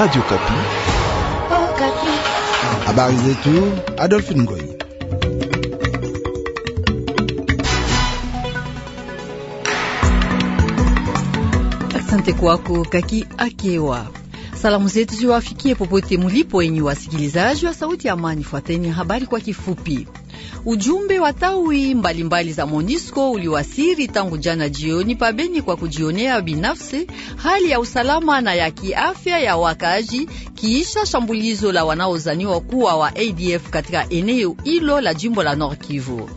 Radio Kapi. Oh, Kapi. Habari zetu Adolphe Ngoy. Asante kwako Kaki Akewa. Salamu zetu ziwafikie popote mulipo, enyi wasikilizaji wa Sauti ya Amani. Fuateni habari kwa kifupi. Ujumbe wa tawi mbalimbali za MONUSCO uliwasiri tangu jana jioni pabeni kwa kujionea binafsi hali ya usalama na ya kiafya ya wakaaji kiisha shambulizo la wanaozaniwa kuwa wa ADF katika eneo hilo la jimbo la Nord Kivu.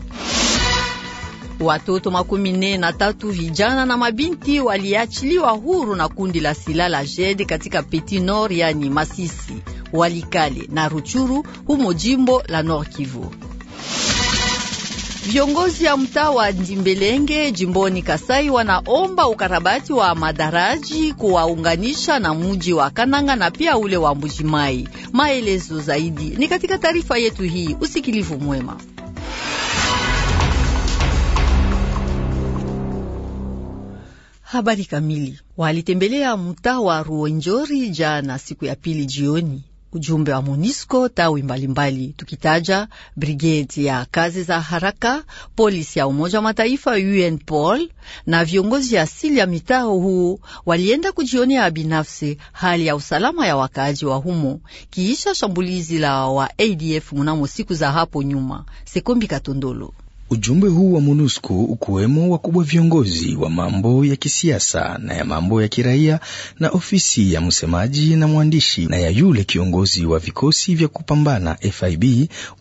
Watoto makumi nne na tatu vijana na mabinti waliachiliwa huru na kundi la sila la JED katika Petit Nord, yani Masisi, Walikale na Ruchuru humo jimbo la Nord Kivu. Viongozi ya mtaa wa Ndimbelenge jimboni Kasai wanaomba ukarabati wa madaraji kuwaunganisha na muji wa Kananga na pia ule wa Mbujimai. Maelezo zaidi ni katika taarifa yetu hii. Usikilivu mwema. Habari kamili. Walitembelea mtaa wa Ruonjori jana siku ya pili jioni ujumbe wa MONUSCO tawi mbalimbali mbali, tukitaja brigedi ya kazi za haraka, polisi ya Umoja wa Mataifa UNPOL na viongozi asili ya mitaa huu walienda kujionea binafsi hali ya usalama ya wakaaji wa humo kiisha shambulizi la wa ADF mnamo siku za hapo nyuma. Sekombi Katondolo Ujumbe huu wa MONUSCO ukiwemo wakubwa viongozi wa mambo ya kisiasa na ya mambo ya kiraia na ofisi ya msemaji na mwandishi na ya yule kiongozi wa vikosi vya kupambana FIB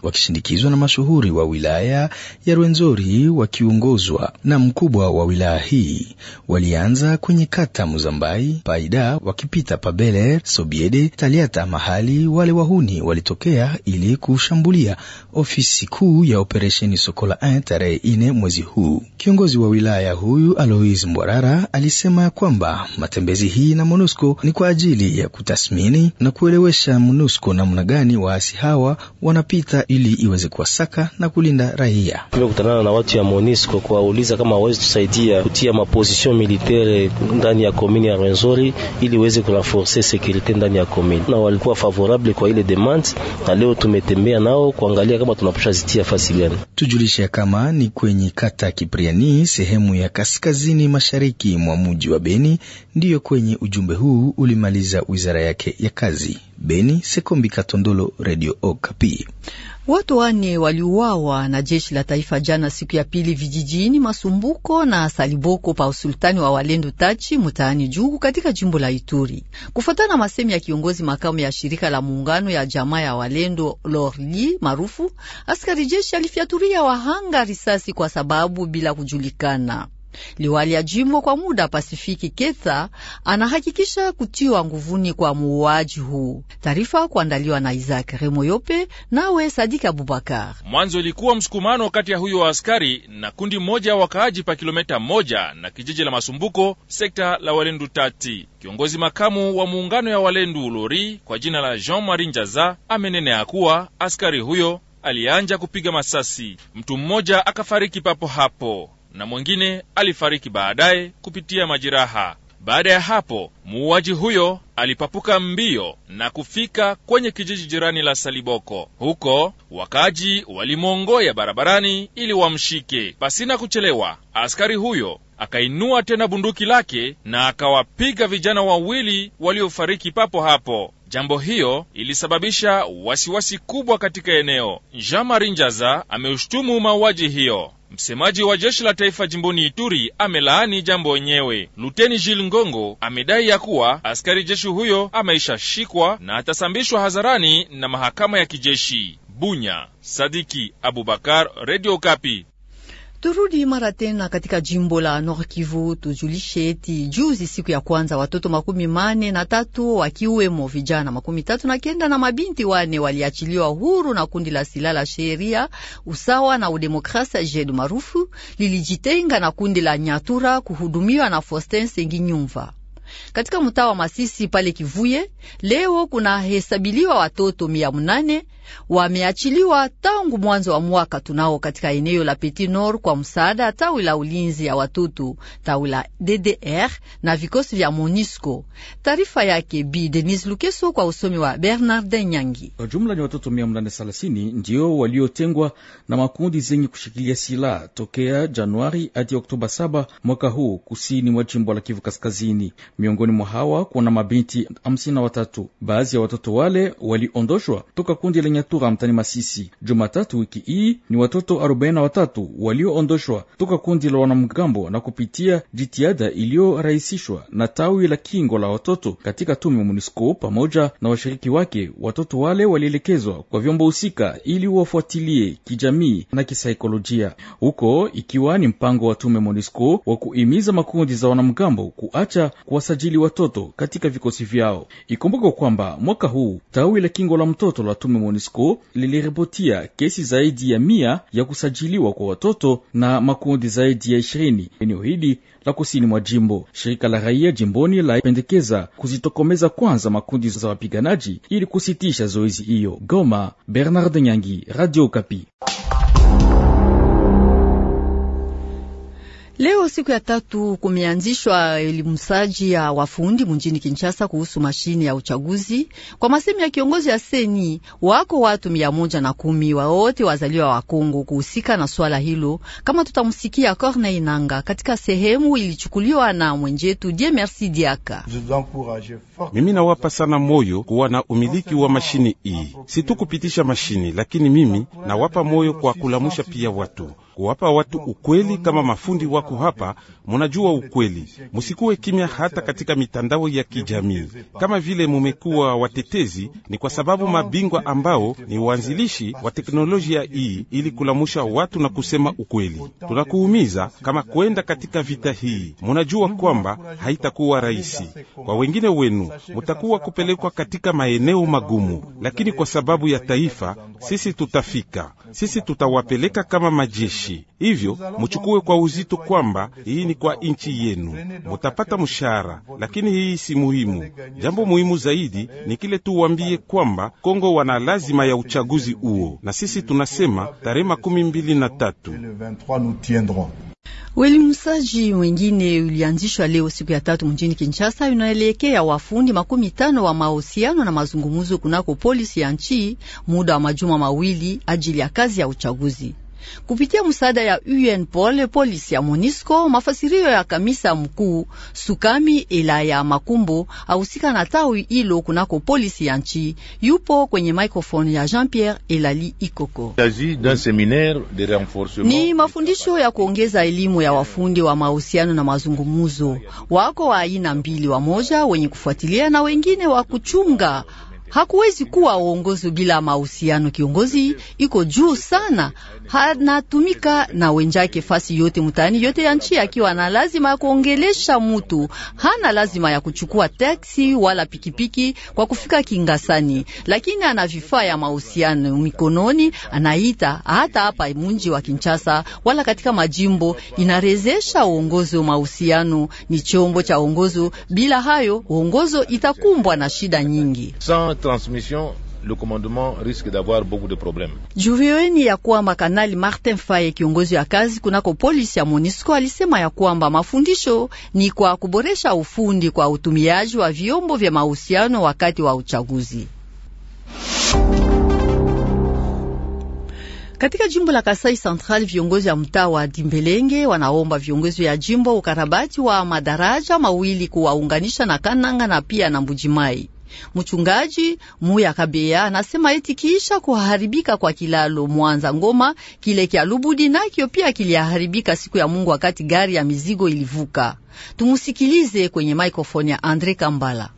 wakishindikizwa na mashuhuri wa wilaya ya Rwenzori wakiongozwa na mkubwa wa wilaya hii walianza kwenye kata Muzambai Paida wakipita Pabele Sobiede Taliata mahali wale wahuni walitokea ili kushambulia ofisi kuu ya operesheni Sokola tarehe ine mwezi huu. Kiongozi wa wilaya huyu Alois Mbwarara alisema ya kwamba matembezi hii na MONUSCO ni kwa ajili ya kutathmini na kuelewesha MONUSCO namna gani waasi hawa wanapita ili iweze kuwasaka na kulinda raia. tumekutanana na watu ya MONUSCO kuwauliza kama wawezi tusaidia kutia maposition militaire ndani ya komini ya Rwenzori ili iweze kurenforce sekurite ndani ya komini, na walikuwa favorable kwa ile demand, na leo tumetembea nao kuangalia kama tunapasha zitia fasi gani. Tujulishe ni kwenye kata ya Kipriani, sehemu ya kaskazini mashariki mwa mji wa Beni. Ndiyo kwenye ujumbe huu ulimaliza wizara yake ya kazi. Beni, Sekombi Katondolo, Radio Okapi. Watu wane waliuawa na jeshi la taifa jana siku ya pili vijijini Masumbuko na Saliboko pa usultani wa Walendu Tachi mutaani Jugu katika jimbo la Ituri, kufuatana na masemi ya kiongozi makamu ya shirika la muungano ya jamaa ya walendo Lorli maarufu. Askari jeshi alifyaturia wahanga risasi kwa sababu bila kujulikana. Liwali ya jimbo kwa muda Pasifiki Ketha anahakikisha kutiwa nguvuni kwa muuaji huu. Taarifa kuandaliwa na Isaac Remo Yope nawe sadik Abubakar. Mwanzo ilikuwa msukumano kati ya huyo wa askari na kundi moja ya wakaaji pa kilomita moja na kijiji la Masumbuko, sekta la Walendu Tati. Kiongozi makamu wa muungano ya Walendu Lori kwa jina la Jean Marie Njaza amenenea kuwa askari huyo alianja kupiga masasi, mtu mmoja akafariki papo hapo na mwingine alifariki baadaye kupitia majeraha. Baada ya hapo muuaji huyo alipapuka mbio na kufika kwenye kijiji jirani la Saliboko. Huko wakaji walimwongoya barabarani ili wamshike. Pasina kuchelewa, askari huyo akainua tena bunduki lake na akawapiga vijana wawili waliofariki papo hapo. Jambo hiyo ilisababisha wasiwasi kubwa katika eneo. Jean Marie Njaza ameushtumu mauaji hiyo. Msemaji wa jeshi la taifa jimboni Ituri amelaani jambo yenyewe. Luteni Jil Ngongo amedai ya kuwa askari jeshi huyo ameishashikwa na atasambishwa hadharani na mahakama ya kijeshi. Bunya, Sadiki Abubakar, Radio Kapi. Turudi mara tena katika jimbo la Nord Kivu, tujulisheti juzi, siku ya kwanza watoto makumi mane na tatu wakiwemo vijana makumi tatu na kenda na mabinti wane waliachiliwa huru na kundi la silaha la sheria usawa na udemokrasia jedu maarufu lilijitenga na kundi la Nyatura kuhudumiwa na Faustin nyumva katika mtaa wa Masisi pale Kivuye. Leo kunahesabiliwa watoto mia mnane wameachiliwa tangu mwanzo wa mwaka tunao katika eneo la Petit Nord kwa msaada tawi la ulinzi ya watoto tawi la DDR na vikosi vya MONUSCO. Taarifa yake Bi Denis Lukeso kwa usomi wa Bernard Nyangi. Kwa jumla ni watoto 830 ndio waliotengwa na makundi zenye kushikilia silaha tokea Januari hadi Oktoba 7 mwaka huu kusini mwa jimbo la Kivu Kaskazini. Miongoni mwa hawa kuna mabinti hamsini na watatu. Baadhi ya watoto wale waliondoshwa toka kundi la Nyatura mtani Masisi. Jumatatu wiki hii ni watoto arobaini na watatu walioondoshwa toka kundi la wanamgambo na kupitia jitihada iliyorahisishwa na tawi la kingo la watoto katika tume MONUSCO pamoja na washiriki wake. Watoto wale walielekezwa kwa vyombo husika ili wafuatilie kijamii na kisaikolojia huko, ikiwa ni mpango wa tume MONUSCO wa kuhimiza makundi za wanamgambo kuacha kuwasa kusajili watoto katika vikosi vyao. Ikumbuka kwamba mwaka huu tawi la kingo la mtoto la tume MONUSCO liliripotia kesi zaidi ya mia ya kusajiliwa kwa watoto na makundi zaidi ya ishirini eneo hili la kusini mwa jimbo. Shirika la raia jimboni lapendekeza kuzitokomeza kwanza makundi za wapiganaji ili kusitisha zoezi hiyo. Goma, Bernard Nyangi, Radio Kapi. Leo siku ya tatu kumeanzishwa elimusaji ya wafundi mjini Kinshasa kuhusu mashine ya uchaguzi. Kwa masemi ya kiongozi ya seni wako watu mia moja na kumi wawote wazaliwa wa Kongo kuhusika na swala hilo, kama tutamsikia Corneille Nanga katika sehemu ilichukuliwa na mwenjetu Die Merci Diaka. Mimi nawapa sana moyo kuwa na umiliki wa mashine hii, si tu kupitisha mashine, lakini mimi nawapa moyo kwa kulamusha pia watu kuwapa watu ukweli kama mafundi wako hapa, munajua ukweli. Musikuwe kimya hata katika mitandao ya kijamii kama vile mumekuwa watetezi. Ni kwa sababu mabingwa ambao ni waanzilishi wa teknolojia hii ili kulamusha watu na kusema ukweli. Tunakuumiza kama kwenda katika vita hii, munajua kwamba haitakuwa rahisi kwa wengine wenu, mutakuwa kupelekwa katika maeneo magumu, lakini kwa sababu ya taifa, sisi tutafika, sisi tutawapeleka kama majeshi nchi. Hivyo muchukue kwa uzito kwamba hii ni kwa nchi yenu, mutapata mshahara, lakini hii si muhimu. Jambo muhimu zaidi ni kile tuwambie kwamba Kongo wana lazima ya uchaguzi huo, na sisi tunasema tarehe makumi mbili na tatu. Uelimishaji wengine ulianzishwa leo siku ya tatu mjini Kinshasa, unaelekea wafundi makumi tano wa mahusiano na mazungumzo kunako polisi ya nchi, muda wa majuma mawili ajili ya kazi ya uchaguzi kupitia msaada ya UNPOL, polisi ya MONISCO, mafasirio ya kamisa mkuu Sukami ya Makumbo ahusika na tawi hilo kunako polisi ya nchi. Yupo kwenye microphone ya Jean-Pierre Elali Ikoko. Ni mafundisho ya kuongeza elimu ya wafundi wa mahusiano na mazungumuzo. Wako wa aina mbili, wa moja wenye kufuatilia na wengine wa kuchunga Hakuwezi kuwa uongozi bila mahusiano. Kiongozi iko juu sana, hanatumika na wenjake fasi yote mutani yote ya nchi, akiwa na lazima ya kuongelesha mutu, hana lazima ya kuchukua teksi wala pikipiki kwa kufika Kingasani, lakini ana vifaa ya mahusiano mikononi, anaita hata hapa munji wa Kinshasa wala katika majimbo, inarezesha uongozi wa Mahusiano ni chombo cha uongozi. bila hayo uongozo itakumbwa na shida nyingi transmission le commandement risque d'avoir beaucoup de problèmes. Juvioeni ya kwamba Kanali Martin Faye, kiongozi ya kazi kunako polisi ya monisco alisema ya kwamba mafundisho ni kwa kuboresha ufundi kwa utumiaji wa vyombo vya mahusiano wakati wa uchaguzi. Katika jimbo la Kasai Central, viongozi wa mtaa wa Dimbelenge wanaomba viongozi ya jimbo ukarabati wa madaraja mawili kuwaunganisha na Kananga na pia na Mbujimai. Mchungaji Muya kabea anasema eti kisha kuharibika kwa kilalo Mwanza Ngoma, kile kya Lubudi nakyo pia kiliharibika siku ya Mungu wakati gari ya mizigo ilivuka. Tumusikilize kwenye mikrofoni ya Andre Kambala.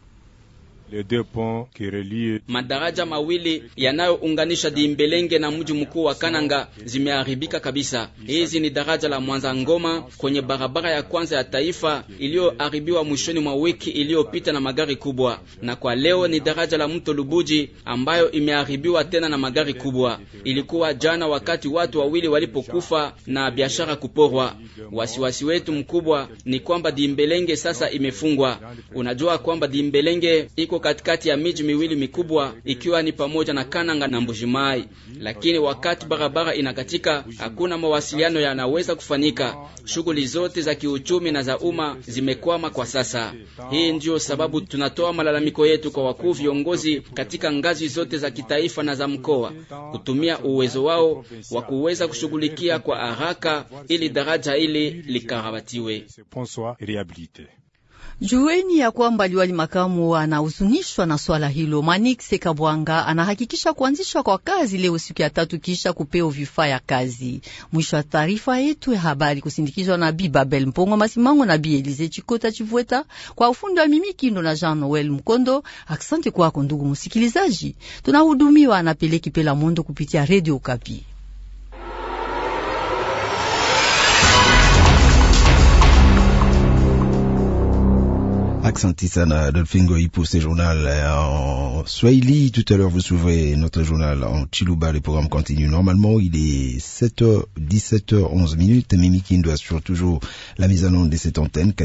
Madaraja mawili yanayounganisha Dimbelenge na mji mkuu wa Kananga zimeharibika kabisa. Hizi ni daraja la Mwanza Ngoma kwenye barabara ya kwanza ya taifa iliyoharibiwa mwishoni mwa wiki iliyopita na magari kubwa, na kwa leo ni daraja la mto Lubuji ambayo imeharibiwa tena na magari kubwa. Ilikuwa jana wakati watu wawili walipokufa na biashara kuporwa. Wasiwasi wetu mkubwa ni kwamba Dimbelenge sasa imefungwa. Unajua kwamba Dimbelenge iko iko katikati ya miji miwili mikubwa ikiwa ni pamoja na Kananga na Mbujimai, lakini wakati barabara inakatika, hakuna mawasiliano yanaweza kufanyika. Shughuli zote za kiuchumi na za umma zimekwama kwa sasa. Hii ndiyo sababu tunatoa malalamiko yetu kwa wakuu viongozi katika ngazi zote za kitaifa na za mkoa, kutumia uwezo wao wa kuweza kushughulikia kwa haraka ili daraja hili likarabatiwe. Jueni ya kwamba liwali makamu anahuzunishwa na swala hilo. Manik Sekabwanga anahakikisha kuanzishwa kwa kazi leo siku ya tatu kisha kupewa vifaa ya kazi. Mwisho wa taarifa yetu ya habari kusindikizwa na Bi Babel Mpongo Masimango na Bi Elize Chikota Chivweta kwa ufundi wa Mimi Kindo na Jean Noel Mkondo. aksante kwako ndugu msikilizaji, tunahudumiwa na Peleki Pela Mondo kupitia Radio Kapi. Aksanti sana Dolfingo pour ce journal euh, en Swahili. Tout à l'heure, vous ouvrez notre journal en Chiluba. Le programme continue normalement. Il est 17 17h11 minutes. Mimi doit assure toujours la mise en œuvre de cette antenne.